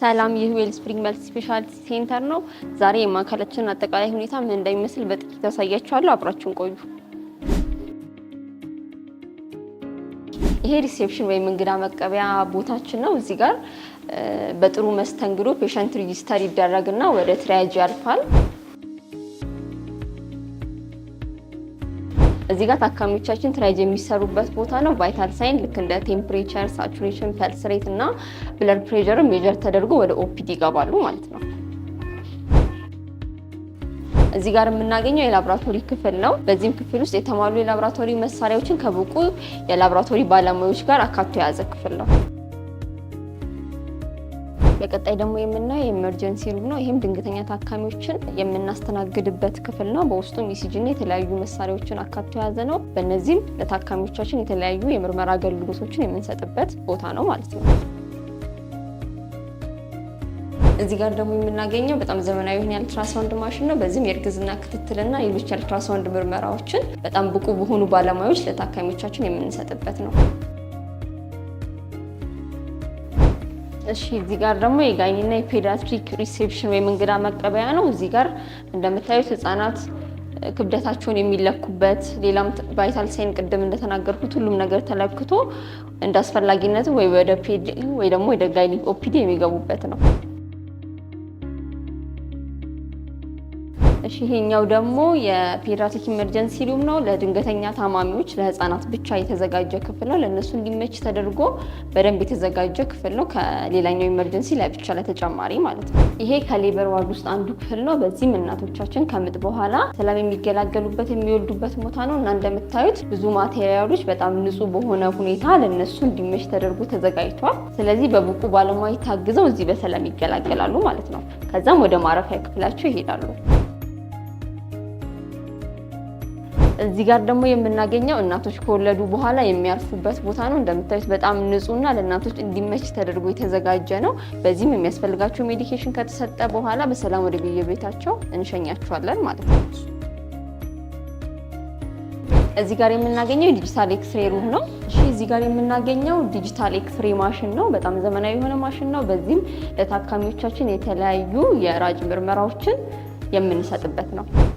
ሰላም፣ ይህ ዌል ስፕሪንግ መልቲ ስፔሻሊቲ ሴንተር ነው። ዛሬ የማዕከላችን አጠቃላይ ሁኔታ ምን እንደሚመስል በጥቂት ያሳያችኋለሁ። አብራችሁን ቆዩ። ይሄ ሪሴፕሽን ወይም እንግዳ መቀበያ ቦታችን ነው። እዚህ ጋር በጥሩ መስተንግዶ ፔሸንት ሪጂስተር ይደረግና ወደ ትሪያጅ ያልፋል። እዚህ ጋር ታካሚዎቻችን ትራይጅ የሚሰሩበት ቦታ ነው። ቫይታል ሳይን ልክ እንደ ቴምፕሬቸር፣ ሳቹሬሽን፣ ፐልስ ሬት እና ብለድ ፕሬር ሜጀር ተደርጎ ወደ ኦፒዲ ይገባሉ ማለት ነው። እዚህ ጋር የምናገኘው የላብራቶሪ ክፍል ነው። በዚህም ክፍል ውስጥ የተሟሉ የላብራቶሪ መሳሪያዎችን ከብቁ የላብራቶሪ ባለሙያዎች ጋር አካቶ የያዘ ክፍል ነው። በቀጣይ ደግሞ የምናየው የኤመርጀንሲ ሩም ነው። ይህም ድንገተኛ ታካሚዎችን የምናስተናግድበት ክፍል ነው። በውስጡም ኢሲጂና የተለያዩ መሳሪያዎችን አካቶ የያዘ ነው። በእነዚህም ለታካሚዎቻችን የተለያዩ የምርመራ አገልግሎቶችን የምንሰጥበት ቦታ ነው ማለት ነው። እዚህ ጋር ደግሞ የምናገኘው በጣም ዘመናዊ የሆነ አልትራሳውንድ ማሽን ነው። በዚህም የእርግዝና ክትትልና ሌሎች አልትራሳውንድ ምርመራዎችን በጣም ብቁ በሆኑ ባለሙያዎች ለታካሚዎቻችን የምንሰጥበት ነው። እሺ እዚህ ጋር ደግሞ የጋይኒና የፔዲያትሪክ ሪሴፕሽን ወይም እንግዳ መቀበያ ነው። እዚህ ጋር እንደምታዩት ህጻናት ክብደታቸውን የሚለኩበት ሌላም ቫይታል ሳይን ቅድም እንደተናገርኩት ሁሉም ነገር ተለክቶ እንደ አስፈላጊነት ወይ ወደ ፔዲ ወይ ደግሞ ወደ ጋይኒ ኦፒዲ የሚገቡበት ነው። እሺ ይሄኛው ደግሞ የፔዲያትሪክ ኢመርጀንሲ ሩም ነው። ለድንገተኛ ታማሚዎች ለህፃናት ብቻ የተዘጋጀ ክፍል ነው። ለእነሱ እንዲመች ተደርጎ በደንብ የተዘጋጀ ክፍል ነው። ከሌላኛው ኢመርጀንሲ ለብቻ ለተጨማሪ ማለት ነው። ይሄ ከሌበር ዋርድ ውስጥ አንዱ ክፍል ነው። በዚህም እናቶቻችን ከምጥ በኋላ ሰላም የሚገላገሉበት የሚወልዱበት ቦታ ነው እና እንደምታዩት ብዙ ማቴሪያሎች በጣም ንጹህ በሆነ ሁኔታ ለእነሱ እንዲመች ተደርጎ ተዘጋጅቷል። ስለዚህ በብቁ ባለሙያ ታግዘው እዚህ በሰላም ይገላገላሉ ማለት ነው። ከዛም ወደ ማረፊያ ክፍላቸው ይሄዳሉ። እዚህ ጋር ደግሞ የምናገኘው እናቶች ከወለዱ በኋላ የሚያርፉበት ቦታ ነው። እንደምታዩት በጣም ንጹህና ለእናቶች እንዲመች ተደርጎ የተዘጋጀ ነው። በዚህም የሚያስፈልጋቸው ሜዲኬሽን ከተሰጠ በኋላ በሰላም ወደ ቤታቸው እንሸኛቸዋለን ማለት ነው። እዚህ ጋር የምናገኘው የዲጂታል ኤክስሬ ሩም ነው። እሺ እዚህ ጋር የምናገኘው ዲጂታል ኤክስሬ ማሽን ነው። በጣም ዘመናዊ የሆነ ማሽን ነው። በዚህም ለታካሚዎቻችን የተለያዩ የራጅ ምርመራዎችን የምንሰጥበት ነው።